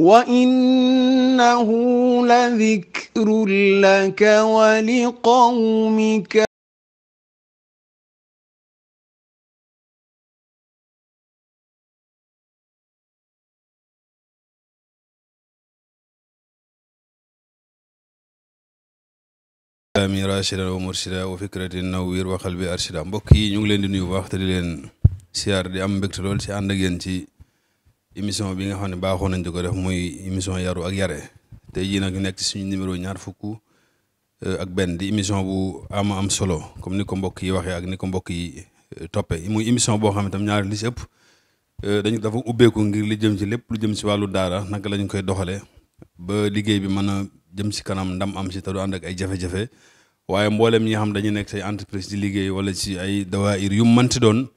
وإنه لذكر لك ولقومك mi rachida wa murshida wa fikratin nawwir wa qalbi arshida mbokk yi ñu ngi leen di nuyu baax te di leen siyaar di am mbégte lool ci ànd ak yéen ci émission bi nga xam ne baaxoo nañ di ko def muy émission yaru ak yare tey jii nag nekk suñu numéro ñaar fukk eh, ak benn di émission bu ama am solo comme ni ko mbokk yi waxee ak ni ko mbokk yi eh, toppee muy émission boo xam ne tam ñaar li si ëpp eh, dañu dafa ubbeeku ngir li jëm ci lépp lu jëm si wàllu daara naka lañ koy doxalee ba liggéey bi mën a jëm si kanam ndam am si te du ànd ak ay jafe-jafe waaye mboolem ñi nga xam dañu nekk say entreprise di liggéey wala si ay dawaayir yu mënti doon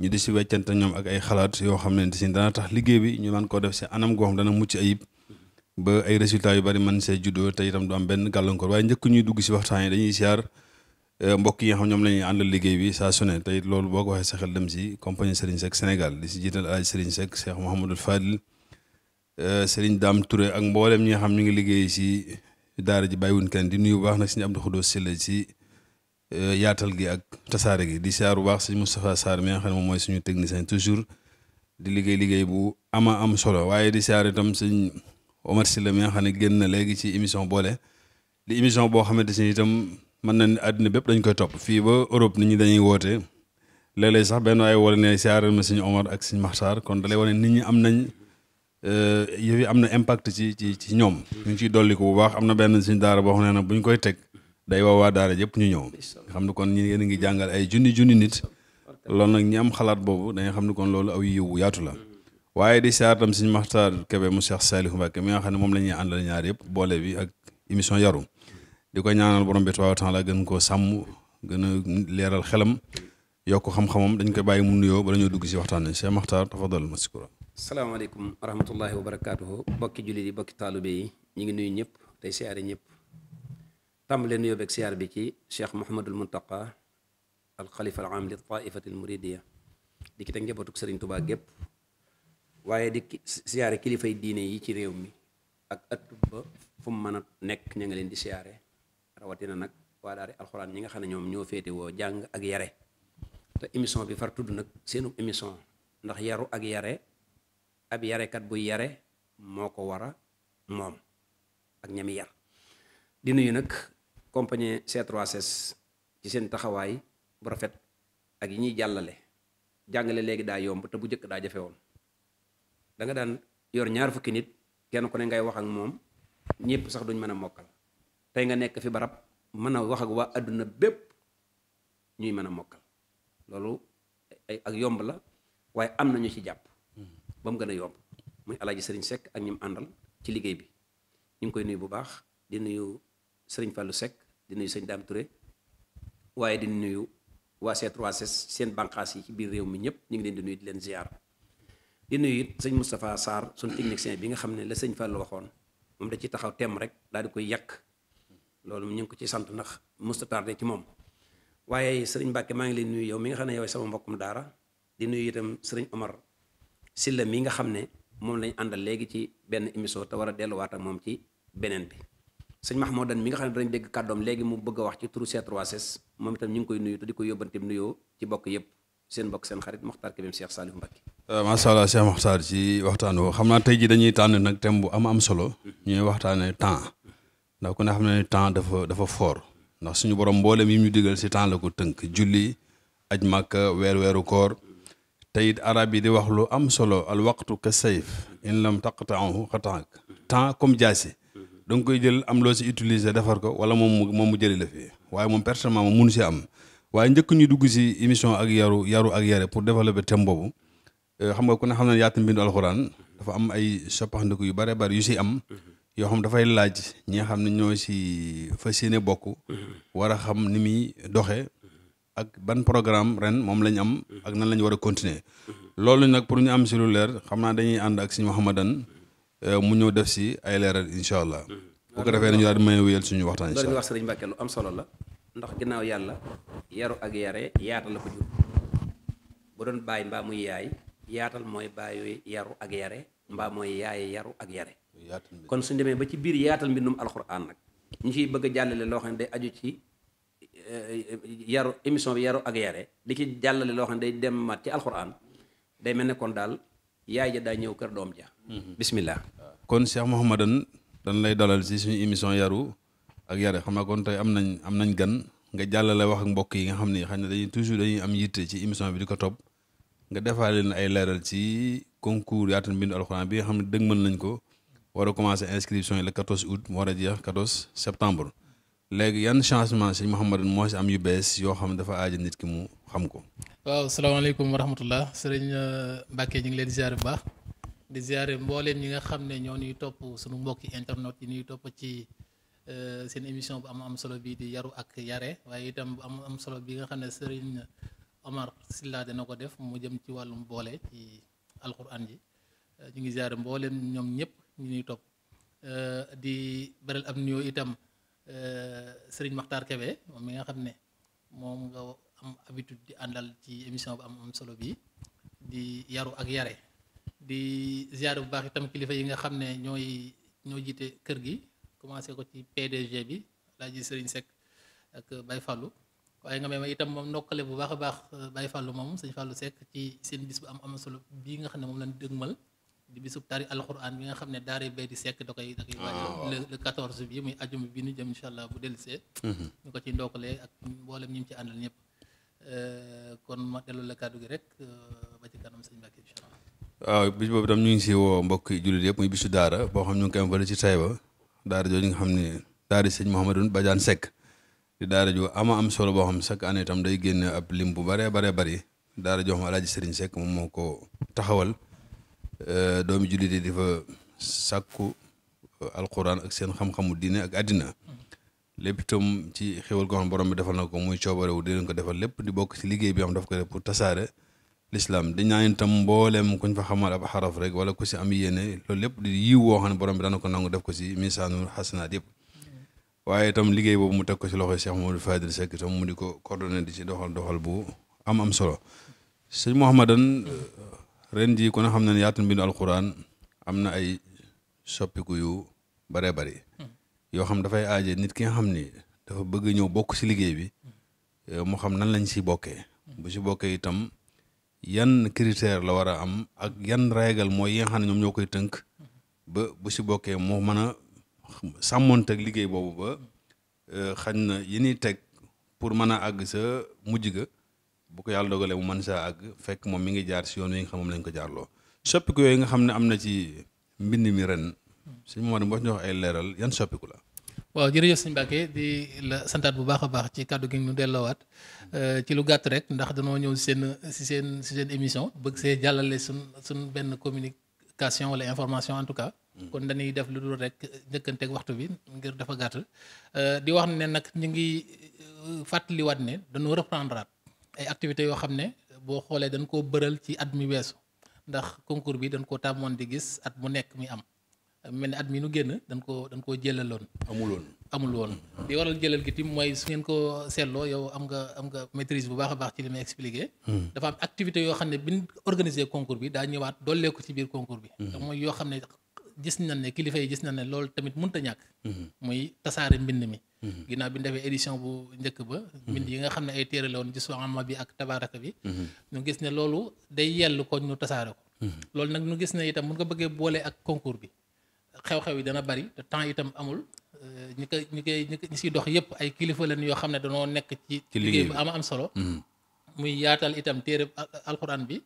ñu di si weccante ñoom ak ay xalaat yoo xam ne si dana tax liggéey bi ñu man koo def si anam goo xam dana mucc ayib ba ay résultats yu bari man see juddoo te itam du am benn gàllankoor waaye njëkk ñuy dugg si waxtaan yi dañuy siyaar eh, mbokk yi xam ñoom la ñuy àndal liggéey bi saa su ne te boo ko waxee dem si compagnie Serigne Seck Sénégal di si jiital El Hadj Serigne Seck Cheikh Mouhamadul Fadil eh, Serigne Dame Touré ak mboolem ñi nga xam ñu ngi liggéey si daara ji bàyyiwuñ kenn di nuyu waax baax nag Serigne Abdou Khoudoss si la si Euh, yaatal gi ak tasaare gi di siyaar bu baax sëñ Moustapha Sarr mi nga xam moom mooy suñu technicien toujours di liggéey liggéey bu ama am solo waaye di siyaar tam sëñ Omar Sylla mi nga xam ne génn na léegi ci émission boole di émission boo xamante ne itam mën na àddina bépp dañ koy topp fii ba Europe nit ñi dañuy woote léeg-léeg sax benn waaye wala ne siyaaral ma sëñ Omar ak sëñ Maxtaar kon da lay wane nit ñi am nañ euh, yëf yi am na impact ci ci ci ñoom. ñu ngi ciy dolli ko bu baax am na benn sëñ daara boo xam nag bu ñu koy teg. day woo waa daara ñu ñëw nga xam ne kon ñi yéen a ngi jàngal ay junni junni nit loolu nag ñi am xalaat boobu dañuy xam ne kon loolu aw yiwu yaatu la waaye di siyaar tam suñu Maxtaar Kebe mu Cheikh Saliou Mbacke mi nga xam ne moom la ñuy àndal ñaar yëpp boole bi ak émission yaru di ko ñaanal borom bi tabaaraka taala gën koo sàmm gën leeral xelam yokk xam-xamam dañ koy bàyyi mu nuyoo bala ñoo dugg si waxtaan bi Cheikh Maxtaar tafadal maskura salaamaaleykum wa rahmatullahi wa barakaatuhu bokki jullit yi bokki taalibe yi ñu ngi nuyu ñëpp day siyaare ñëpp tàmbalee nuyoo beeg siyaar bi ci cheikh Mouhamadul Muntaqa al xalifa al aam li taifati al muridiya di ki teg njabootuk Sëriñ Tubaa gépp waaye di siyaare kilifay diine yi ci réew mi ak ëttub ba fu mu mën a nekk ña nga leen di siyaare rawatina nag waa daari alxuraan ñi nga xam ne ñoom ñoo féete woo jàng ak yare te émission bi far tudd nag seenu émission ndax yaru ak yare ab yarekat bu yare moo ko war a moom ak ñami yar di nuyu nag compagnie C3S ci seen taxawaay bu rafet ak yi ñuy jàllale jàngale léegi daa yomb te bu njëkk daa jafe woon danga daan yor ñaar fukki nit kenn ku ne ngay wax ak moom ñëpp sax duñ mën a mokkal tey nga nekk fi barab mën a wax ak waa àdduna bépp ñuy mën a mokkal loolu ak yomb la waaye am na ñu ci jàpp ba mu gën a yomb muy alaaji sëriñ Seck ak ñi àndal ci liggéey bi ñu ngi koy nuyu bu baax di nuyu sëriñ Fallou Seck di nuyu sëñ Dame Touré waaye di nuyu waa c 3 seen banqaas yi ci biir réew mi ñëpp ñu ngi leen di nuyu di leen ziar di nuyu it sëñ Moustapha Sarr suñu technicien bi nga xam ne la sëñ Fall waxoon moom da ci taxaw tem rek daal di koy yàq loolu ñu ngi ko ci sant ndax musta tardé ci moom. waaye sëriñ Mbacke maa ngi leen nuyu yow mi nga xam ne yow sama mbokkum daara di nuyu itam sëriñ Omar Silla mi nga xam ne moom lañ àndal léegi ci benn émission te war a delluwaat ak moom ci beneen bi sëñ Mahmoudan mi nga xam ne dañ dégg kàddoom léegi mu bëgg a wax ci turu C3S moom itam ñu ngi koy nuyu te di ko yóbbanteem nuyoo ci bokk yëpp seen mbokk seen xarit Mokhtar Kébem Cheikh Salif Mbacke. Euh, macha allah Cheikh Mokhtar ci waxtaan woo xam naa tey jii dañuy tànn nag thème bu am am solo. ñuy waxtaanee temps ndax ku ne xam ne temps dafa dafa fort ndax suñu borom mboolem yi ñu digal si temps la ko tënk julli aj màkka weer weeru koor te it arab yi di wax lu am solo al waqtu ka sayf in lam taqtaahu xataak temps comme jaasi da nga koy jël am loo si utiliser defar ko wala moom moom mu jëli la waaye moom personnellement moom mënu si am waaye njëkk ñuy dugg si émission ak yaru yaru ak yare pour développer thème boobu euh, xam nga ku ne xam na yaatal mbindu alxuraan dafa am ay soppaxndiku yu bare bari yu si am mhm. yoo xam dafay laaj ñi nga xam ne ñoo si fa yéene bokk mhm. war a xam ni muy doxee ak ban programme ren moom lañ am mhm. ak nan la ñu war a continuer loolu nag pour ñu am si lu leer xam naa dañuy ànd ak suñu Muhammadan Euh, mu ñëw def si ay leeral incha allah. Mm-hmm. ko defee ñu daal di wéyal suñu waxtaan incha allah wax sëriñ Mbàkke lu am solo la ndox ginnaaw yàlla yaru ak yare yaatal la ko jur bu doon bàyyi mbaa muy yaay yaatal mooy bàyyi yaru ak yare mbaa mooy yaay yaru ak yare kon suñ demee ba ci biir yaatal mbindum alxuraan nag ñu ciy bëgg a jàllale loo xam ne day aju ci euh, yaru émission bi yaru ak yare di ci jàllale loo xam ne day dem mat ci alxuraan day mel ne kon daal yaay ja daa ñëw kër doom ja Mhm. bismillah ah. kon Cheikh Mouhamadan dañ lay dalal si suñu émission yaru ak yare xam naa kon tey am nañ am nañ gan nga jàllale wax ak mbokk yi nga xam ne xam ne dañuy toujours dañuy am yitte ci émission bi di ko topp nga defaale leen ay leeral ci concours yaatal mbindu alxuraan bi nga xam ne mën nañ ko war a commencé inscription yi le 14 août mu war a jeex 14 septembre léegi yan changement si Mouhamadan moo si am yu bees yoo xam ne dafa aaja nit ki mu xam ko. waaw salaamaaleykum wa rahmatullah sëriñ euh, di ziare mbooleem ñi nga xam ne ñoo ñuy topp suñu mbokki internet yi ñuy topp ci euh, seen émission bu am am solo bii di yaru ak yare waaye itam bu am am solo bi nga xam ne sëriñ Omar Silla dana ko def mu jëm ci wàllum boole ci alquran ji euh, ñu ngi ziare mbooleem ñoom ñëpp ñu ñuy topp euh, di beral am nuyoo itam sëriñ Maxtaar Kebe moom mi nga xam ne moom nga am habitude di àndal ci émission bu am solo bi di yaru ak yare di ziare bu baax itam kilifa yi nga xam ne ñooy ñoo jiite kër gi commencé ko ci PDG bi laa ji Serigne Seck ak Baye Fallou waaye nga may ma itam moom ndokkale bu baax a baax euh, Baye Fallou moom Serigne fàllu sekk ci seen bis bu am am solo bii nga xam ne moom lañ dëgmal di bisub tari alxuraan bi nga xam ne daare bay di sekk da koy da koy waajal ah, le quatorze bi muy ajum bi nu jëm incha allah bu dellusee mhm. ñu ko ci ndokkalee ak mboolem ñi mu ci àndal ñëpp euh, kon ma delloo la kàddu gi rek euh, ba ci kanam sëñ Mbacke incha allah waaw bis boobu tam ñu ngi si woo mbokk yi jullit yëpp muy bisu daara boo xam ñu ngi koy am fële ci Taïba daara jooju nga xam ne daara sëñ Mouhamadou Badiane Seck di daara ju ama am solo boo xam chaque année tam day génne ab lim bu baree baree bari daara joo xam Alaaji Sëriñ moom moo ko taxawal euh, doomi jullit yi di fa sàkku alquran ak seen xam-xamu diine ak àddina lépp itam ci xéwal ko xam borom bi defal na ko muy coobarewu di leen ko defal lépp di bokk ci liggéey bi am daf ko def pour tasaare lislaam dañ naa tam mbooleem kuñ fa xamal ab xaraf rek wala ko si am yéene loolu lépp di yiw woo xam ne borom bi dana ko nangu def ko si misaanul xasanaat yëpp waaye itam liggéey boobu mu teg ko si loxoy Cheikh Mamadou Fadil Seck mu di ko coordonné di si doxal doxal am solo sëñ Mouhamadan euh, ren jii ku ne xam ne ne yaatu mbindu alquran am na ay soppiku yu bare bari yoo xam dafay aaje nit ki nga xam ni dafa bëgg ñëw bokk si liggéey bi euh, mu xam nan lañ si bokke bu si bokkee itam yan critère la war a am ak yan règle mooy yi nga xam ne ñoom ñoo koy tënk ba bu si bokkee moo mën a sàmmoon teg liggéey boobu ba euh, xañ na yi ñuy teg pour mën a àgg sa mujj ga bu ko yàlla dogalee mu mën saa àgg fekk moom mi ngi jaar si yoon wi nga xam moom lañ ko jaarloo soppiku yooyu nga xam ne am na ci mbind mi ren suñu moo dem boo ñu wax ay leeral yan soppiku la waaw jërëjëf sëñ Mbacke di la santaat bu baax a baax ci kàddu gi ñu delloowaat euh, ci lu gàtt rek ndax danoo ñëw si seen si seen si seen émission bëgg see jàllale suñ suñ benn communication wala information en tout cas. Hmm. kon dañuy def lu dul rek njëkkanteeg waxtu bi ngir dafa gàtt. Euh, di wax ne nag ñu ngi euh, fàttaliwaat ne dañoo reprendre ay activités yoo xam ne boo xoolee dañ koo bëral ci at mi weesu ndax concours bi dañ koo tàmmoon di gis at mu nekk mi am. mel ni at mi nu génn dañ koo dañ koo jëlaloon amuloon amul woon li waral jëlal gi mooy su ngeen ko seetloo yow am nga am nga maîtrise bu baax a baax ci li may expliqué hmm. dafa am activité yoo xam ne bi biñ organisé concours bi daa ñëwaat doollee ko ci biir concours bi da hmm. mooy xam ne gis nañ ne kilifa yi gis nañ ne loolu tamit mënta ñàkk hmm. muy tasaare mbind mi ginnaaw bi ñu defee bu njëkk ba mbind yi nga xam ne ay téere la woon gis ama bi ak tabaraka bi ñu gis ne loolu day yell ko ñu tasaare ko loolu nag ñu gis ne itam mun nga bëggee boole ak concours bi xew-xew yi dana bari te temps itam amul Euh, ñi koy ñi koy ñi siy dox yëpp ay kilifa lañ yoo xam ne dañoo nekk ci. ci liggéey bu am am solo. Mm-hmm. muy yaatal itam téereb alquran bi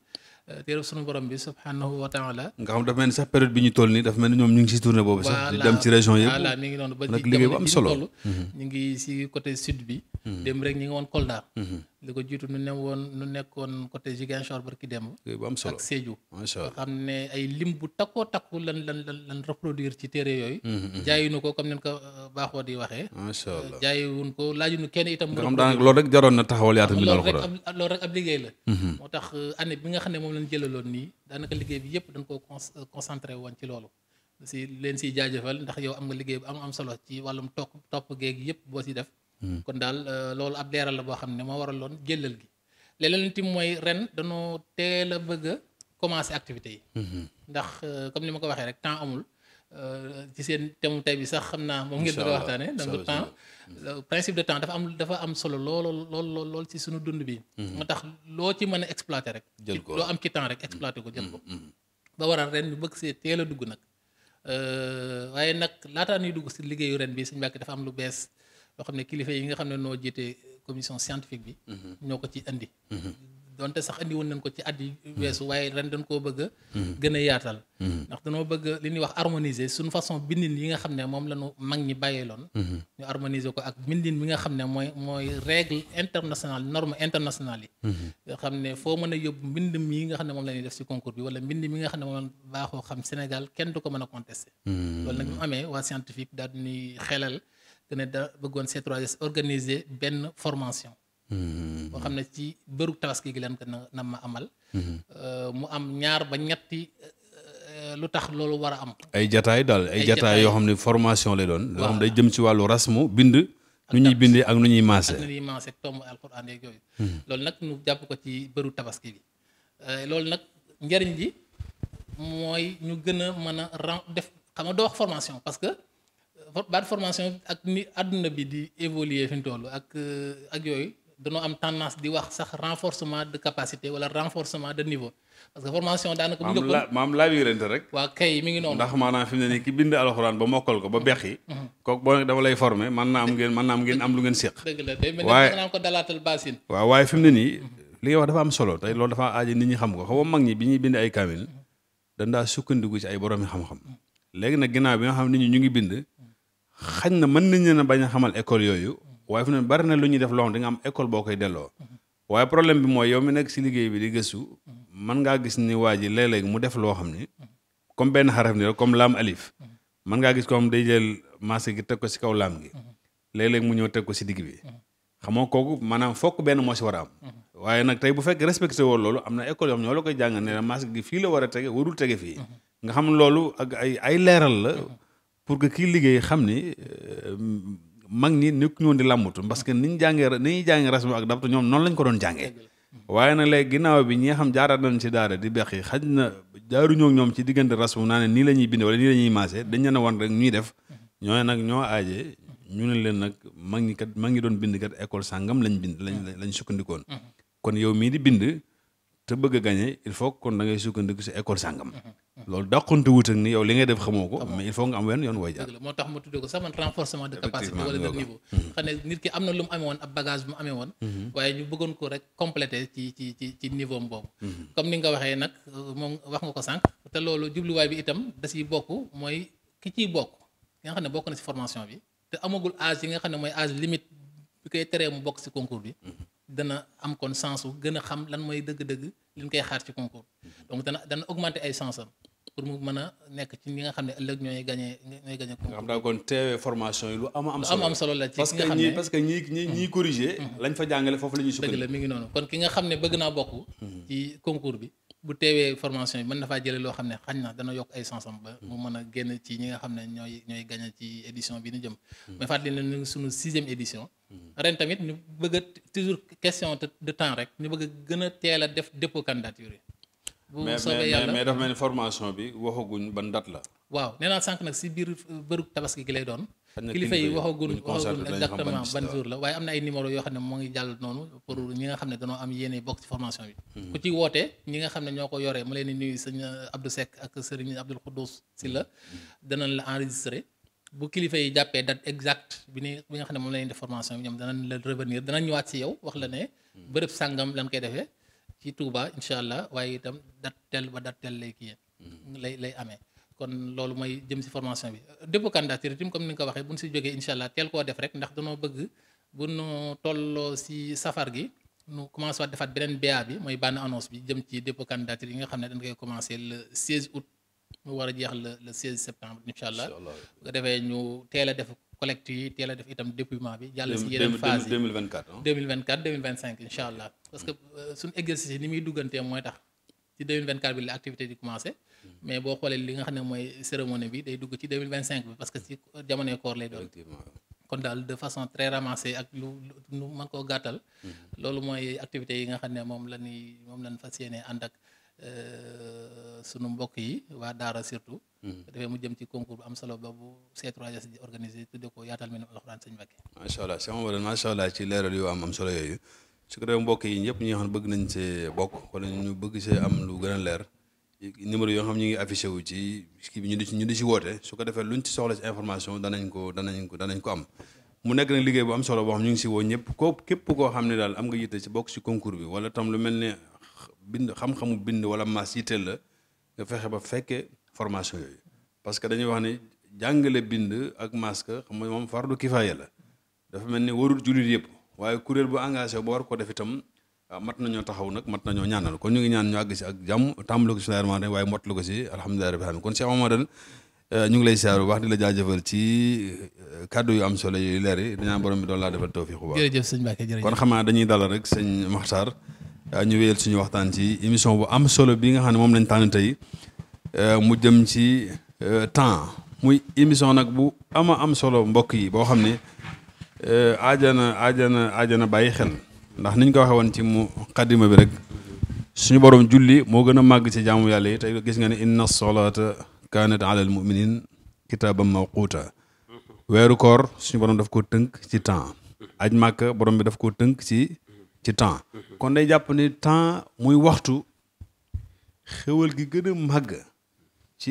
euh, téereb sunu borom bi subhanahu wa taala nga xam dafa mel ni sax période bi ñu toll nii dafa mel ni ñoom ñu ngi si tournée boobu sax di dem ci région yëpp voilà mi ngi noonu ba nag liggéey bu am solo mm-hmm. ñu ngi si côté sud bi mm-hmm. dem rek ñi ngi woon Kolda li ko jiitu nu ne woon nu nekkoon côté Ziguinchor barki démb bu solo ak Sédhiou xam ne ay lim bu takkoo takku lan lan lan lan reproduire ci téere yooyu mm-hmm, mm-hmm. jaayuñu ko comme ni ko euh, baaxoo di waxee macha allah euh, jaayuwuñ ko laajuñu kenn itam nga xam daanaka loolu rek jaroon na taxawal yaatal mi loolu rek liggéey la mm-hmm. moo tax euh, année bi nga xam ne moom lañ jëlaloon nii daanaka liggéey bi yëpp dañ ko concentré woon ci loolu si leen siy jaajëfal ndax yow am nga liggéey bu am am solo ci wàllum topp topp géeg yëpp boo si def Mm. kon daal euh, loolu ab leeral la boo xam ne moo waraloon jëlal gi leneen itam mooy ren danoo teel a bëgg a commencer activité yi. Mm-hmm. ndax euh, comme ni ma ko waxee rek temps amul euh, ci seen thème bi sax xam naa moom ngeen bëgg a waxtaanee. de temps dafa am dafa am solo lool lool lool ci sunu dund bi. Mm-hmm. moo tax loo ci mën a exploiter rek. jël ko loo am ci temps rek mm-hmm. exploiter ko jël ko. ba waral ren ñu bëgg see teel a dugg nag waaye nag laataa ñuy dugg si liggéeyu ren bi suñu mbàkk dafa am lu bees. loo xam ne kilifa yi nga xam ne noo jiite commission scientifique bi mhm. ñoo ko ci indi mhm. donte sax indi woon nañ ko ci at yi mhm. weesu waaye ren dañ koo bëgg a gën a yaatal ndax danoo bëgg li ñuy wax harmoniser suñu façon bindin yi nga xam ne moom la ñu mag ñi bàyyeeloon ñu harmoniser ko ak bindin mi nga xam ne mooy mooy règle internationale norme internationale yi nga xam ne foo mën a yóbbu mbind mi nga xam ne moom la ñuy def si concours bi wala mbind mi nga xam ne moom baaxoo xam Sénégal kenn du ko mën a contester loolu nag ñu amee waa scientifique daal di ñuy xelal que ne da bëggoon C3S organiser benn formation. Hmm. boo xam ne ci bëru tabaski gi leen ko na ma amal. Hmm. Euh, mu am ñaar ba ñetti euh, lu tax loolu war a am. ay jataay daal ay jataay yoo xam ne formation lay doon. loo xam day jëm ci wàllu rasmu bind. nu ñuy bindee ak nu ñuy maase. nu ñuy maase tomb alxuraan yeeg yooyu. Hmm. loolu nag ñu jàpp ko ci bëru tabaski bi euh, loolu nag njëriñ ji mooy ñu gën a mën a def xam doo wax formation parce que. baat formation ak ni àdduna bi di évoluer fi ñu ak euh, ak yooyu danoo am tendance di wax sax renforcement de capacité wala renforcement de niveau parce que formation daanaka. bu njëkkoon maam laa biirante rek. waa kay mi ngi noonu. ndax maanaam fi mu ne nii ki bind alxuraan ba mokkal ko ba bex yi. Mhm. kooku boo ne dafa lay former mën naa am ngeen mën naa am ngeen lu ngeen séq. waaw waaye fi ne nii. Mhm. li nga wax dafa am solo tey loolu dafa aaje nit ñi xam ko xaw mag ñi bi ñuy bind ay kaamil. Mhm. dañ daa sukkandiku ay boroomi xam-xam. léegi nag ginnaaw bi nga xam nit ñu ngi bind xañ na man nañ leen a bañ a xamal école yooyu waaye fu ne bari na lu ñuy def loo xam da nga am école boo koy delloo waaye problème bi mooy yow mi nekk si liggéey bi di gëstu man ngaa gis ni waa ji léeg mu def loo xam ni comme benn xaraf ni rek comme laam alif mën ngaa gis ko xam day jël masque gi teg ko si kaw laam gi léeg-léeg mu ñëw teg ko si digg bi xam nga kooku maanaam fokk benn moo si war a am waaye nag tey bu fekk respecté woon loolu am na école yoo xam koy jàngal ne la masque fii la a tege warul tege fii nga xam loolu ak ay ay leeral la pour que kii liggéey xam ni euh, mag ñi nekk ñoon di làmbatu parce que ni ñu jàngee ni ñuy jàngee rasmu ak dabtu ñoom noonu lañ ko doon jàngee waaye nag léegi ginnaaw bi ñi nga xam jaaraat nañ ci daara di bex yi xaj na jaaruñoo ñoom ci diggante rasmu naa ne nii la ñuy bind wala nii la ñuy maase dañ ne a wan rek ñuy def ñooñu nag ñoo aaje ñu ne leen nag mag ñi kat mag ñi doon bind kat école sàngam lañ bind lañ lañ sukkandikoon kon yow mii di bind te bëgg a gañe il faut kon da ngay sukkandiku si école sàngam loolu dàqonte wut ak ni yow li ngay def xamoo ko. mais il faut nga am wenn yoon wooy jaar. dëgg la moo tax ma tuddee ko sax man renforcement de capacité wala de niveau. xam ne nit ki na lu mu amee woon ab bagage bu mu amee woon. Mhm. ko rek complété ci ci ci mhm. comme ni nga waxee nag euh, moom wax nga ko sànq. te loolu jubluwaay bi itam da bokk mooy ki ciy bokk nga xam ne bokk na ci formation bi te amagul âge yi nga xam ne mooy âge limite bi koy teree mu bokk ci concours bi. Mhm. dana am kon sens su gën a xam lan mooy dëgg-dëgg li koy xaar ci concours donc dana dana augmenter ay sens am pour mu mën a nekk ci ñi nga xam ne ëllëg ñooy gagné ñooy gagné. nga xam daa kon teewee lu am am solo am solo la ci parce que ñi parce que ñi ñi ñiy mm-hmm. corriger mm-hmm. lañ fa jàngale foofu la ñuy sukkandiku dëgg la mi ngi noonu kon mm-hmm. bi bu teewee formation yi mën na faa jële loo xam ne xañ na dana yokk ay sansam ba mu mën a génn ci ñi nga xam ne ñooy ñooy gagné ci édition bi ñu jëm mais fàttali leen ne suñu sixième édition ren tamit ñu bëgg a toujours question de temps rek ñu bëgg a gën a teel a def dépôt candidature yi bu soobee yàlla mais dafa mel ni formation bi waxaguñ ban date la. waaw nee naa nag si biir bërëb tabaski gi lay doon. kilifa yi waxaguñ waxaguñ exactement ban jour la waaye am na ay numéro yoo xam ne moo ngi jàll noonu pour ñi nga xam ne danoo am yéene bokk ci formation bi. Hmm. ku ci wootee ñi nga xam ne ñoo ko yoree ma leen di nuyu sëñ Abdou Seck ak sëriñ Abdoul Khoudous si la hmm. danañ la enregistré. bu kilifa yi jàppee date exacte bi ni bi nga xam ne moom la ñuy def formation bi ñoom danañ la revenir si yow wax la ne. Hmm. bërëb sàngam lañ koy defee. ci Touba incha allah waaye itam dat tel ba dat tel lay kii hmm. lay lay amee kon loolu mooy jëm si formation bi dépôt candidature itam comme ni nga ko waxee bu ñu si jógee teel koo def rek ndax danoo bëgg bu nu tolloo si safar gi nu commencé waat defaat beneen BA bi mooy bànn annonce bi jëm ci dépôt candidature yi nga xam ne dañ koy commencé le 16 août mu war a jeex le le 16 septembre incha allah bu ko defee ñu teel a def collecte yi teel a def itam déploiement bi. jàll si yeneen phase yi 2024 allah parce que euh, suñu exercice yi ni muy duggantee mooy tax ci bi la activité di commencé hmm. mais boo xoolee li nga xam ne mooy cérémonie bi day dugg ci bi parce que ci jamonoy koor lay doon. kon daal de façon très ramassée ak lu lu koo gàttal. Hmm. loolu mooy activité yi nga xam ne moom la moom la ñu fas yéene ànd ak. Euh, sunu mbokk yi waa daara surtout hmm. dafay mu jëm ci concours bu am solo ba bu C3S di organisé tudde ko yaatal mi ne alxuraan sëñ Mbacké macha allah sama wala macha allah ci leeral am solo yooyu su ko defee mbokk yi ñëpp ñi nga xam ne bëgg nañ see bokk wala ñu bëgg see lu gën a leer numéro yoo xam ñu ngi affiché wu ci kii bi ñu di si woote su ko defee luñ ci soxla si information danañ ko danañ ko danañ ko am mu nekk nag liggéey bu am solo boo xam ñu ngi si woo ñëpp ko képp ko xam ne daal am nga yitte si bokk si concours bi wala tam bind xam-xamu bind wala maas yitteel la nga fexe ba fekkee formation yooyu parce que dañuy wax ni jàngale bind ak maas ka xam nga moom fardu kifaaya la dafa mel ni warul jullit yëpp waaye kuréel bu engagé ba war ko def itam ah, mat nañoo taxaw nag mat nañoo ñaanal kon ñu ngi ñaan ñu àgg si ak jàmm tàmbale ko si laarmant waaye mottali ko si alhamdulillahi rabbil alamin kon Cheikh Mamadou eh, ñu ngi lay siyaar bu di la jaajëfal ci eh, kàddu yu am solo yu leer yi borom bi doon laa defal tawfiq bu baax jërëjëf sëñ Mbacke jërëjëf kon xam dañuy dalal rek sëñ Maxtaar ñu wéyal suñu waxtaan ci émission bu am solo bi nga xam ne moom lañ tànn tey euh, mu jëm ci euh, temps muy émission nag bu ama am solo mbokk yi boo xam ne euh, aajana aajana aajana bàyyi xel ndax niñ koy waxee woon ci mu xaddima bi rek suñu borom julli moo gën a màgg ci jaamu yàlla yi tey gis nga ne inna solata kanat alal muminin kitaaban mawquuta weeru koor suñu borom daf ko tënk ci temps aj màkk borom bi daf ko tënk ci ci temps kon day jàpp ni temps muy waxtu xéwal gi gën a màgg ci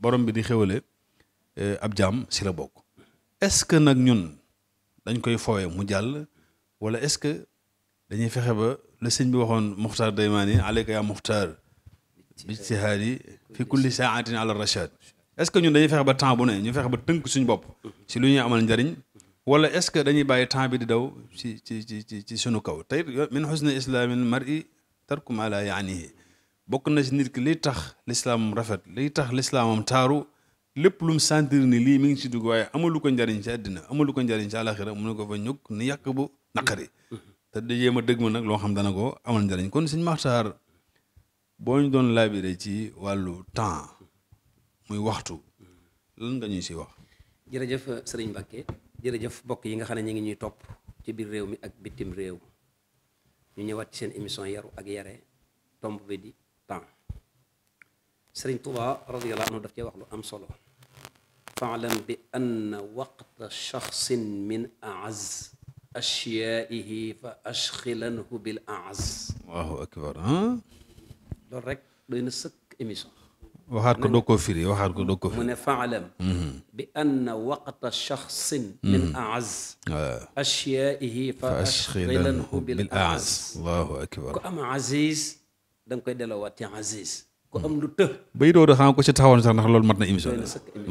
borom bi di xéwale eh, ab jàmm si la bokk est-ce que nag ñun dañ koy fowee mu jàll wala est-ce que dañuy fexe ba la sëñ bi waxoon muxtaar daymaan yi aleyka yaa muxtaar bijtihaad yi fi kulli saatin ala rachad est-ce que ñun dañuy fexe ba temps bu ne ñu fexe ba tënk suñu bopp si lu ñuy amal njariñ wala est-ce que dañuy bàyyi temps bi di daw ci ci ci ci sunu kaw tey min xusni islaamin mar'i tarku ma la yaanihi bokk na ci nit ki liy tax lislaamam rafet liy tax lislaamam taaru lépp lum mu sentir ni lii mi ngi ci dugg waaye amalu ko njariñ ci àddina amalu ko njariñ ci àlaxira mu ne ko fa ñukk ni yàq bu naqari te di jéem a dëgg ma nag loo xam dana ko amal njariñ kon suñ maxtaar boo ñu doon laabire ci wàllu temps muy waxtu lan nga ñuy si wax jërëjëf sëriñ Mbacke jërëjëf mbokk yi nga xam ne ñu ngi ñuy topp ci biir réew mi ak bitim réew ñu ñëwaat ci seen émission yaru ak yare tomb bi di temps sëriñ Tuuba radiyallahu anhu daf cee wax lu am solo faalam bi anna waqta shaxsin min aaz ashyaaihi fa ashxilanhu bil aaz allahu akbar ah. loolu waxaat ko doo ko firi waxaat ko doo ko firi mu ne faalam mhm. bi anna waqta shaxsin mhm. min aaz ashyaihi fa ashxilanhu bil aaz allahu akbar ku am aziz da nga koy delloowaat ci aziz ku am lu të bay doodu xam ko ci taxawoon sax ndax loolu mat na émission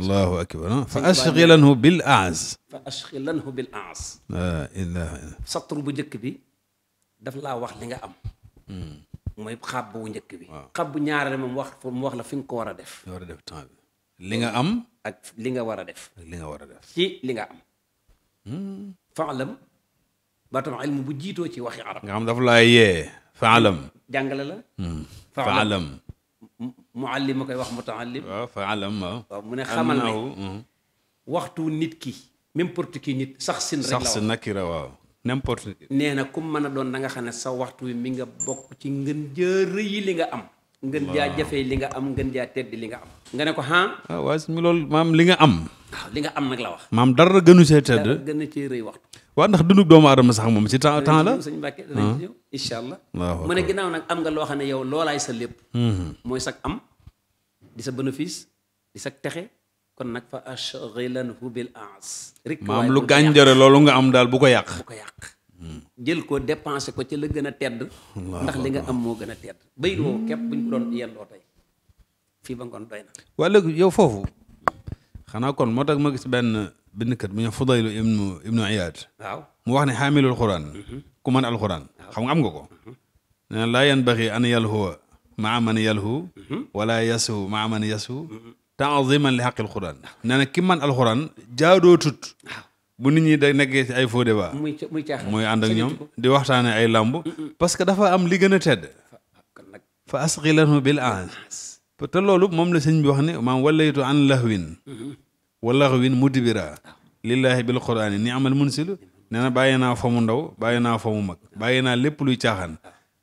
allahu akbar ah, fa ashxilanhu bil aaz fa ashxilanhu bil aaz la ilaha illa satru bu njëkk bi daf laa wax li nga am hmm. mooy xab bu njëkk bi. xab bu ñaareel moom mu wax la fi nga ko war a def. li def temps li nga am. ak li nga war a def. li nga war a def. ci li nga am. Hmm. faalam ba tam ilmu bu jiitoo ci waxi arab. nga xam dafa laay yee faalam. jàngale la. Hmm. faalam muallim ma koy wax mutaallim. waaw mu ne xamal ne hmm. waxtu nit ki. même porte kii nit sax sin rek la waaw. n'importe nee na ku mën a doon nanga xam ne sa waxtu wi mi nga bokk ci ngën jërëy yi li nga am ngën jaa jafe li nga am ngën jaa tedd li nga am nga ne ko ah waaw suñu lool maam li nga am li nga am nag la wax maam dara gënu see tedd dara gënu see rëy waxtu waaw ndax dundug doomu aadama sax moom ci temps la sëñ Mbàkke danañ ñëw ah. incha allah mu ginnaaw nag am nga loo xam ne yow loolaay sa lépp mm-hmm. mooy sag am di sa bénéfice di sa texe kon nag fa ashghilanhu bil aas rek maam lu gànjare loolu nga am daal bu ko yàq jël ko dépensé ko ci la gën a tedd ndax li nga am moo gën a tedd bay woo képp buñ ko doon tey fii ba ngoon doy na waa léegi yow foofu xanaa kon moo tax ma gis benn bindkat bu ñu Fudaylu ibnu ibnu Iyaad mu wax ne xaamilul Quraan mhm. ku man alxuraan xam nga am nga ko mhm. nee laa an yalhuwa maa man yalhu mhm. wala yasu maa man yasu taaziman li xaqil Quraan nee na ki man alxuraan jaadootut bu nit ñi da nekkee ci ay faux débat muy muy caaxaan muy ànd ak ñoom di waxtaane ay làmb parce que dafa am li gën a tedd fa asqilahu bil ans te loolu moom la sëñ bi wax ne maam wallaytu an lahwin wa lahwin mudbira lillahi bil qurani ni amal munsilu nee na bàyyi naa fa mu ndaw bàyyi naa fa mu mag bàyyi naa lépp luy caaxaan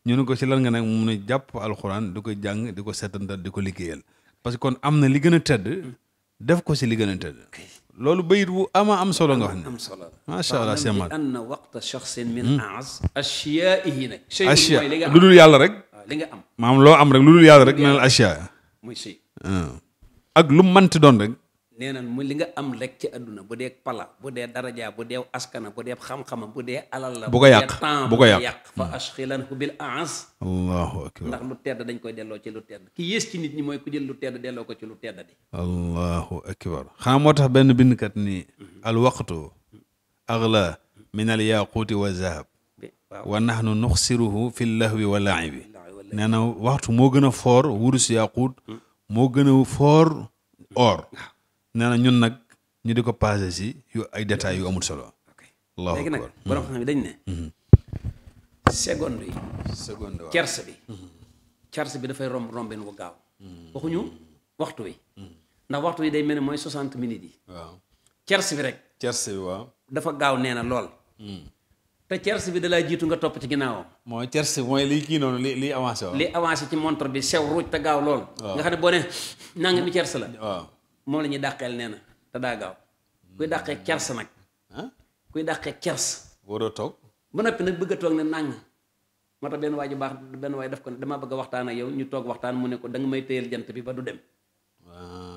ñu ne ko ci lan nga nag mu ne jàpp alxuraan di ko jàng di ko setantal di ko liggéeyal parce que kon am na li gën a tedd def ko ci li loolu bayit wu ama am solo nga wax ne. am solo macha allah sëñ Mar. anna waqta shaxsin min hmm. aaz ashyaihi nag. ashiya lu dul yàlla rek. li nga am maam loo am rek lu dul yàlla rek nee na la ashiya. muy sëy. Hmm. ak lu mu mënti doon rek. nee na mu li nga am rek ci àdduna bu dee pala bu dee darajaa bu dee askana bu dee xam-xama bu dee alal la bu ko yàq bu ko yàq fa ashxilan hu bil aans ndax lu tedd dañ koy delloo ci lu tedd ki yées ci nit ñi mooy ku jël lu tedd delloo ko ci lu tedd di allahu akbar xam moo tax benn bindkat nii mhm. al waqtu agla min al yaquuti wa zahab wa nahnu nuxsiruhu fi lahwi wa laa'ibi nee waxtu moo gën foor wurus yaquut moo gën a foor mhm. mhm. or nee na ñun nag ñu di ko passé si yu ay détails yu amul solo. allahu léegi nag borom xam dañ ne. Mm-hmm. Mm-hmm. seconde yi. seconde bi. Mm-hmm. cerce bi dafay romb rombeen wu gaaw. waxuñu waxtu wi. ndax waxtu wi day mel ne mooy 60 minutes yi. waaw cerce bi rek. cerce bi waaw. dafa gaaw nee na lool. te cerce bi dalaa jiitu nga topp ci ginnaawam. mooy cerce mooy lii kii noonu lii lii avancé ci montre bi sew te gaaw lool. xam ne boo ne nangami cerce la. moom la ñuy dàqeel nee na te daa gaaw kuy dàqee kers nag kuy dàqee kers waroo toog ba noppi nag bëgg a toog ne nàng moo tax benn waay ju baax benn waay daf ko ne dama bëgg a waxtaan ak yow ñu toog waxtaan mu ne ko da nga may téyel jant bi ba du dem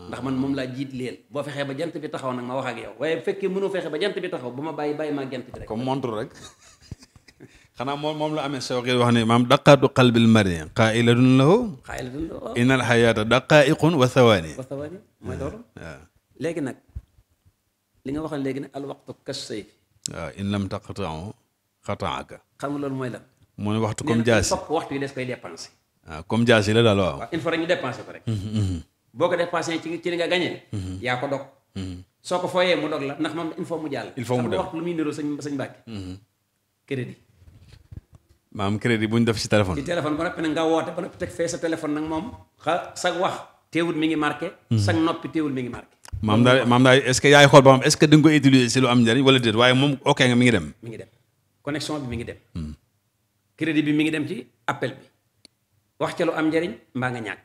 ndax man moom laa jiit leel boo fexee ba jant bi taxaw nag ma wax ak yow waaye bu fekkee mënu fexe ba jant bi taxaw bu ma bàyyi bàyyi maa jant bi rek xanaa moom moom la amee sawqil wax ne maam daqaatu qalbil mari qaailatun lahu qaailatun lahu innal xayaata daqaaiqun wa thawani wa léegi nag li nga waxoon léegi ne al waxtu kas sayf waaw in lam taqtau xataaka xam nga loolu mooy lan mu ne waxtu comme jaasi fokk waxtu yi des koy dépensé waaw ah, comme jaasi la daal waaw il faut rek ñu dépensé ko rek mhm, mhm. boo ko dépensé ci ci nga gagné mhm. yaa ko dog soo ko fooyee mu dog la ndax moom il faut mu jàll il foo mu dem waxtu lu muy niroo sëñ sëñ maam crédit bu ñu def ci téléphone. ci téléphone ba noppi nag nga woote ba noppi teg fee sa téléphone nag moom xa wax teewul mi ngi marqué. Hmm. sa noppi teewul mi ngi marqué. maam daal maam daal est-ce que yaay xool ba xam est-ce que di nga ko ngi dem. Hmm. crédit bi mi ngi dem ci appel wax ca lu am njëriñ mbaa ñàkk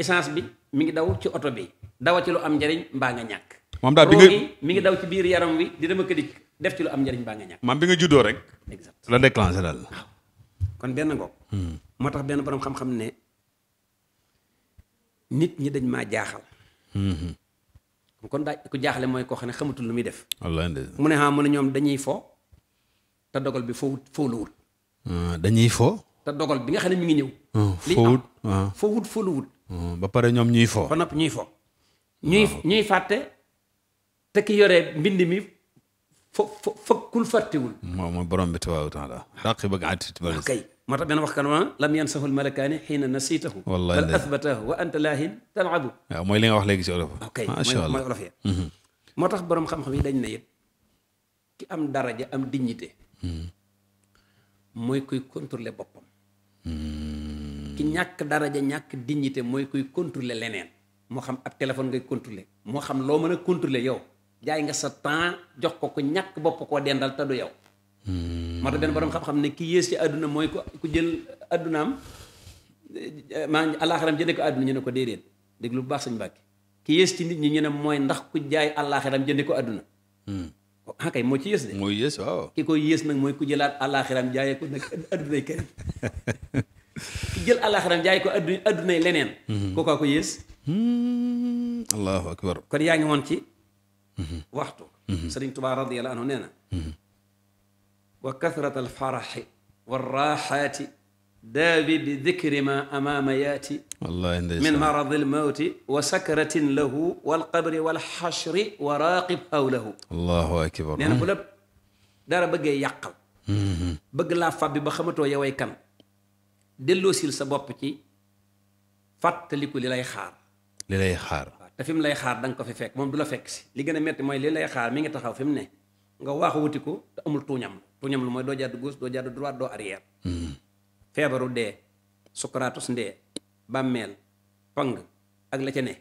essence bi mi ngi daw ci oto bi dawa ci lu am njëriñ mbaa nga ñàkk. moom daal bi nga mi ngi daw ci biir yaram wi di dama këddik def ci lu am njëriñ mbaa nga ñàkk. maam bi nga juddoo rek. exact la déclenché daal. kon benn ngoog. Hmm. moo tax benn borom xam-xam ne nit ñi dañ maa jaaxal. Hmm. kon daa ku jaaxle mooy koo xam ne xamatul lu muy def. mu ne ah mu a ñoom dañuy foo te dogal bi foo foo la wut. dañuy foo te dogal bi nga xam ne mi ngi ñëw. foo wut foo wut foo la wut. ba pare ñoom ñuy foo ba noppi ñuy foo ñuy ñuy fàtte te ki yore mbind mi. fo fo fokkul fàttewul. moo mooy borom bi tabaaraka wa taala. raqiba atiid baris. kay moo tax benn wax kan ma lam yansahu almalakaani xiina nasitahu. wallaahi bal athbatahu wa anta laahin talabu. mooy li wax léegi si olof. macha allah mooy olof mhm. moo tax borom xam-xam yi dañ na it ki am daraja am dignité. Mhm. mooy kuy contrôler boppam. Mhm. ki ñàkk daraja ñàkk dignité mooy kuy contrôler leneen. moo xam ab téléphone ngay contrôler. moo xam loo mën a contrôler yow. jaay nga sa temps jox ko ku ñàkk bopp koo dendal te du yow. Hmm. moo tax benn borom xam-xam ne ki yées ci àdduna mooy ku jël àddunaam maa ngi jëndee ko àdduna ñu ne ko déedéet dégg lu baax sañ Mbàkke ki yées ci nit ñi ñu mooy ndax ku jaay àllaaxiram jëndee ko àdduna. Hmm. ah moo ci yées de. mooy yées waaw. ki koy yées nag mooy ku jëlaat àllaaxiram jaaye ko nag àddunay keneen ki jël àllaaxiram jaay ko àddunay leneen. Hmm. kookaa ko yées. allahu akbar kon yaa ngi woon ci. waxtu sëriñ tubaa radiallahu anhu nee na wa kathrat alfaraxi walraxaati daabi bi dicri ma amaama yaati min maradi almawti wa sakratin lahu walqabri walxashri wa raaqib hawlahu allahu akbar nee na bu la dara bëggee yàqal bëgg laa fàbbi ba xamatoo yoway kan delloosil sa bopp ci fàttaliku li lay xaar li lay xaar te fi lay xaar danga ko fi fekk moom du la fekk si li gën a métti mooy li lay xaar mi ngi taxaw fi ne nga waaxu wuti ko te amul tuuñam tuuñam lu mooy doo jàdd gauche doo jàdd droite doo arrière hmm. feebaru dee sukkaraatus ndee bàmmeel pang ak la ca ne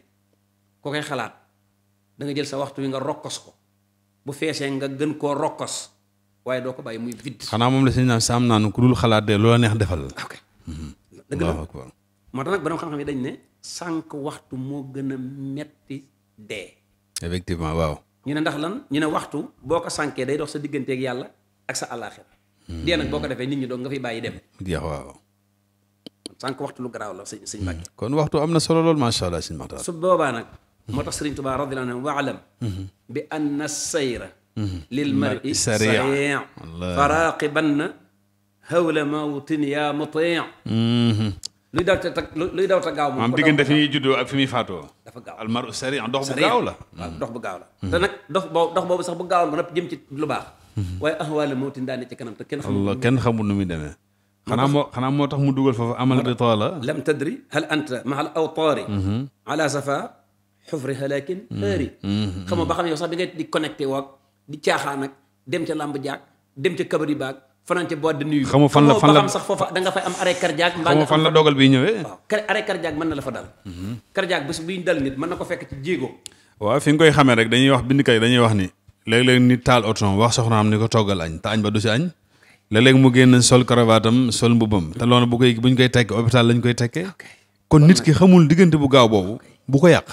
ko koy xalaat danga jël sa waxtu wi nga rokkos ko bu feesee nga gën koo rokkos waaye doo ko bàyyi muy vide xanaa moom la sëñ naan saam naanu ku dul xalaat de loola neex defal la hmm. dëgg la moo tax nag borom xam-xam yi dañ ne sànq waxtu moo gën a metti dee. effectivement waaw. ñu ne ndax lan ñu ne waxtu boo ko sankee day dox sa digganteeg yàlla ak sa àllaaxira. Hmm. dee nag boo ko defee nit ñi doog nga fiy bàyyi dem. jeex waaw. waxtu lu garaaw la sëñ sëñ hmm. kon waxtu am na solo lool macha allah sëñ Maxtaar. su boobaa nag. moo tax Sëriñ Tuubaa radiyallaahu anhu waalam hmm. bi anna sayra. lil mar'i sarii' faraaqibanna hawla mawtin yaa mutii' luy daw te tag luy daw te gaaw moom. maanaam diggante fi muy juddoo ak fi faatoo. almaru sari dox mm. bu gaaw la. dox bu gaaw la. te nag dox boobu dox sax bu gaawoon ba noppi jëm ci lu baax. Mm-hmm. waaye ahwaale mawtin daa ne ci kanam kenn xamul. Allah kenn xamul nu muy demee. moo tax mu dugal foofu amal ritaala. lam tadri hal anta ma al awtaari. Mm-hmm. ala safa xufri halakin heeri. Mm-hmm. xamoo ba xam yow sax bi ngay di connecté woog di caaxaan ak dem ca làmb jaag dem ca kabari baag. fanaan ca boîte de nuit. fan la fan la sax foofa da am arrêt cardiaque. mbaa nga fan la dogal bi ñëwee. waaw arrêt mën na la fa dal. Mhm. cardiaque bés bu ñu dal nit mën na ko fekk ci jéego. waaw fi nga koy xamee rek dañuy wax bindikay dañuy wax ni léeg-léeg nit taal otom wax soxnaam ni ko toggal añ te añ ba du si añ. léeg-léeg mu génn sol karabaatam sol mbubam te loolu bu koy bu ñu koy tekkee hôpital lañ koy tekkee. kon nit ki xamul diggante bu gaaw boobu bu ko yàq.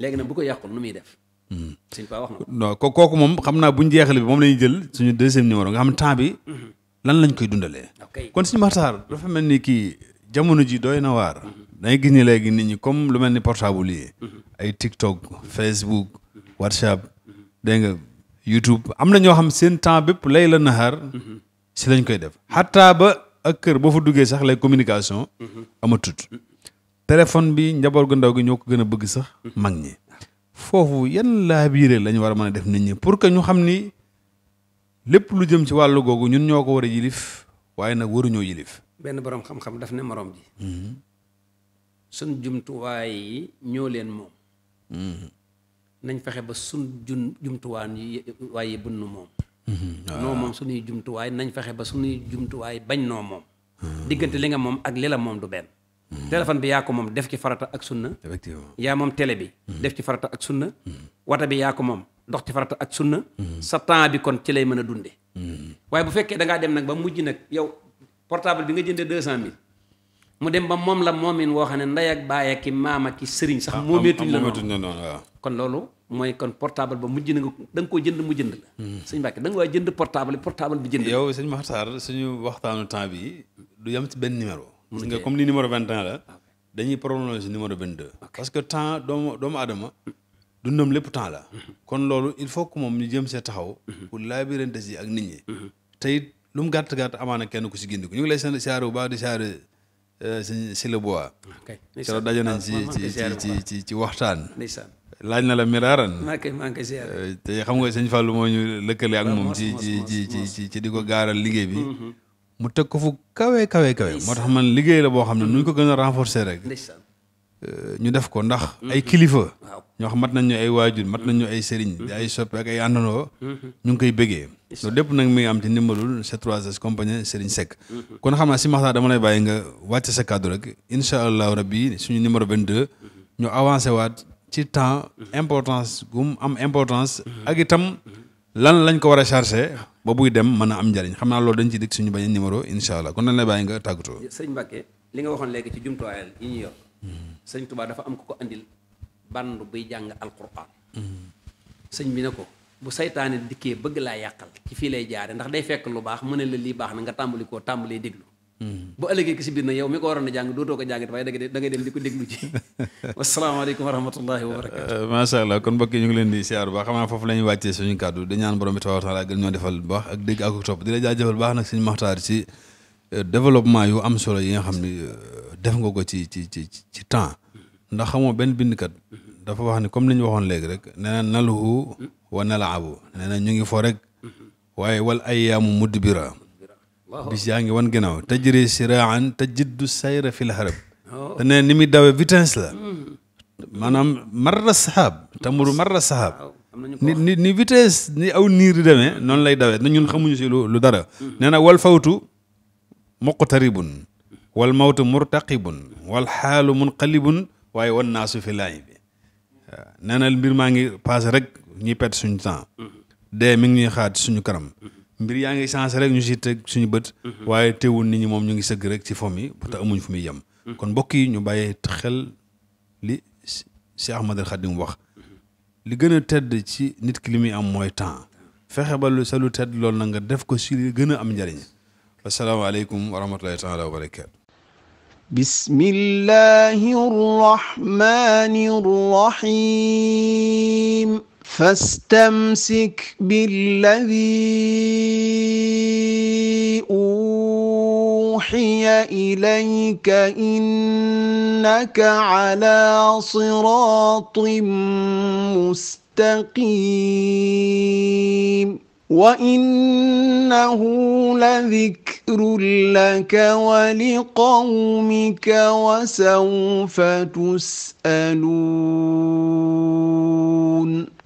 léegi nag bu ko yàqul nu muy def sëñ Ba wax na ko kooku moom xam naa bu ñu jeexale bi moom la ñuy jël suñu deuxième numéro nga xam ne temps bi lan lañ koy dundalee kon suñu Maxtaar dafa mel ni kii jamono ji doy na waar dangay gis ni léegi nit ñi comme lu mel ni portable yi ay TikTok Facebook WhatsApp dégg nga YouTube am na ñoo xam seen temps bépp lay la naxaar si lañ koy def xataa ba ak kër boo fa duggee sax lay communication ama tut téléphone bi njaboot gu ndaw gi ñoo ko gën a bëgg sax mag ñi foofu yan laa biire lañ war a mën a def nit ñi pour que ñu xam ni lépp lu jëm ci wàllu googu ñun ñoo ko war a yilif waaye nag waruñoo yilif. benn boroom xam-xam daf ne morom ji. sun jumtuwaay yi ñoo leen moom. nañ fexe ba sun jun jumtuwaan yi waaye bun moom. noo moom suñuy jumtuwaay nañ fexe ba suñuy jumtuwaay bañ noo moom. diggante li nga moom ak li la moom du benn. Mm-hmm. téléphone bi yaa ko moom def ci farata ak sunna effectivement yaa moom télé bi mm-hmm. def ci farata ak sunna mm-hmm. wata bi yaa ko moom dox ci farata ak sunna sa temps bi kon ci lay mën a dunde waaye bu fekkee da ngaa dem nag ba mujj nag yow portable bi nga jëndee deux cent mille mu dem ba moom la moom moomin woo xam ne ndey ak baay ki maam ak sëriñ sax ah, moomeetuñ la noonu kon loolu mooy kon portable ba mujj na nga da nga koo jënd mu jënd la sëñ Mbàkke da nga jënd portable portable bi jënd yow sëñ Maxtaar suñu waxtaanu temps bi du yem ci benn numéro gis nga comme ni numéro 21 la dañuy prolonger numéro 22. parce que temps doomu doomu aadama dundam lépp temps la. kon loolu il faut que moom ñu jëm see taxaw. pour laabirante si ak nit ñi. tey lu mu gàtt gàtt amaana kenn ku si gindi ko ñu ngi lay seen siyaare bu baax di siyaare si si le bois. keroog daje nañ ah, ci ci ci ci waxtaan. laaj na la miraaran euh, te xam nga sëñ Fallou moo ñu lëkkale ak ah, moom ci ci ci ci ci di ko gaaral liggéey bi. Mm-hmm. mu teg ko fu kawe kawe kawe moo tax man liggéey la boo xam ne nu ñu ko gën a renforcer rek euh, ñu def ko ndax mm-hmm. ay kilifa ñoo xam mat nañ ñu ay waajur mat nañ ñu ay sëriñ di ay mm-hmm. soppe ak ay àndandoo mm-hmm. ñu ngi koy bëggee loolu lépp nag mi ngi am ci ndimbalul C3S compagnie Serigne Seck kon xam naa si maxtaa dama lay bàyyi nga wàcc sa kàddu rek incha allahu rabbi suñu numéro 22 ñu avancé waat ci temps importance gum am importance ak itam lan lañ ko war a chargé ba buy dem mën a am njariñ xam naa loolu dañ ci dikk suñu bañ numéro incha allah kon dañ lay bàyyi nga tàggatoo. sëñ Mbacke li nga waxoon léegi ci jumtuwaayal yi ñu yor. Hmm. sëñ Touba dafa am ko ko andil bandu buy jàng alquran. Hmm. sëñ bi ne ko bu saytaane dikkee bëgg laa yàqal ci fii lay jaare ndax day fekk lu baax mu ne la lii baax na nga tàmbali koo tàmbalee déglu. bu ëllëgee ki si biir na yow mi ko waroon a jàng dootoo ko jàngit waaye da ngay dem di ko déglu ci wasalaamaaleykum wa rahmatullahi wa barakatu euh, macha allah kon mbokk ñu ngi leen di siyaar bu baax xam naa foofu la ñuy wàccee suñu kàddu di ñaan borom bi tabaaraka taala gën ñoo defal bu baax ak dégg ak topp di la jaajëfal baax nag suñu maxtaar ci euh, développement yu am solo yi nga xam ni euh, def nga ko ci ci ci ci temps ndax xamoo benn kat dafa wax ni comme ni ñu waxoon léegi rek nee na naluhu wa nee na ñu ngi fo rek mm-hmm. waaye wal ayyaamu mudbira bis yaa ngi wan ginnaaw tajri siraan tajiddu sayra fil harab oh. te ne ni muy dawe vitesse la hmm. maanaam marra saxaab tamuru marra saxaab ni ni ni vitesse ni aw niir di demee noonu lay dawe na ñun xamuñu si lu dara hmm. nee na wal fawtu muqtaribun wal mawtu murtaqibun wal xaalu munqalibun waaye wan naasu fi laay bi nee na mbir maa ngi passé rek ñuy pet suñu temps hmm. dee mi ngi xaat suñu kanam mbir yaa ngi changé rek ñu si teg suñu bët. Mhm. waaye teewul nit ñi moom ñu ngi sëgg rek ci fo yi mhm. te amuñ fu muy yem. Mhm. kon mbokk yi ñu bàyyee xel li si Ahmadul Xadim wax. li gën a tedd ci nit ki li muy am mooy temps. fexe ba lu sa lu tedd loolu na nga def ko si li gën a am njëriñ. asalaamaaleykum wa rahmatulahi taala wa barakaatu. bismillahi فاستمسك بالذي اوحي اليك انك على صراط مستقيم وانه لذكر لك ولقومك وسوف تسالون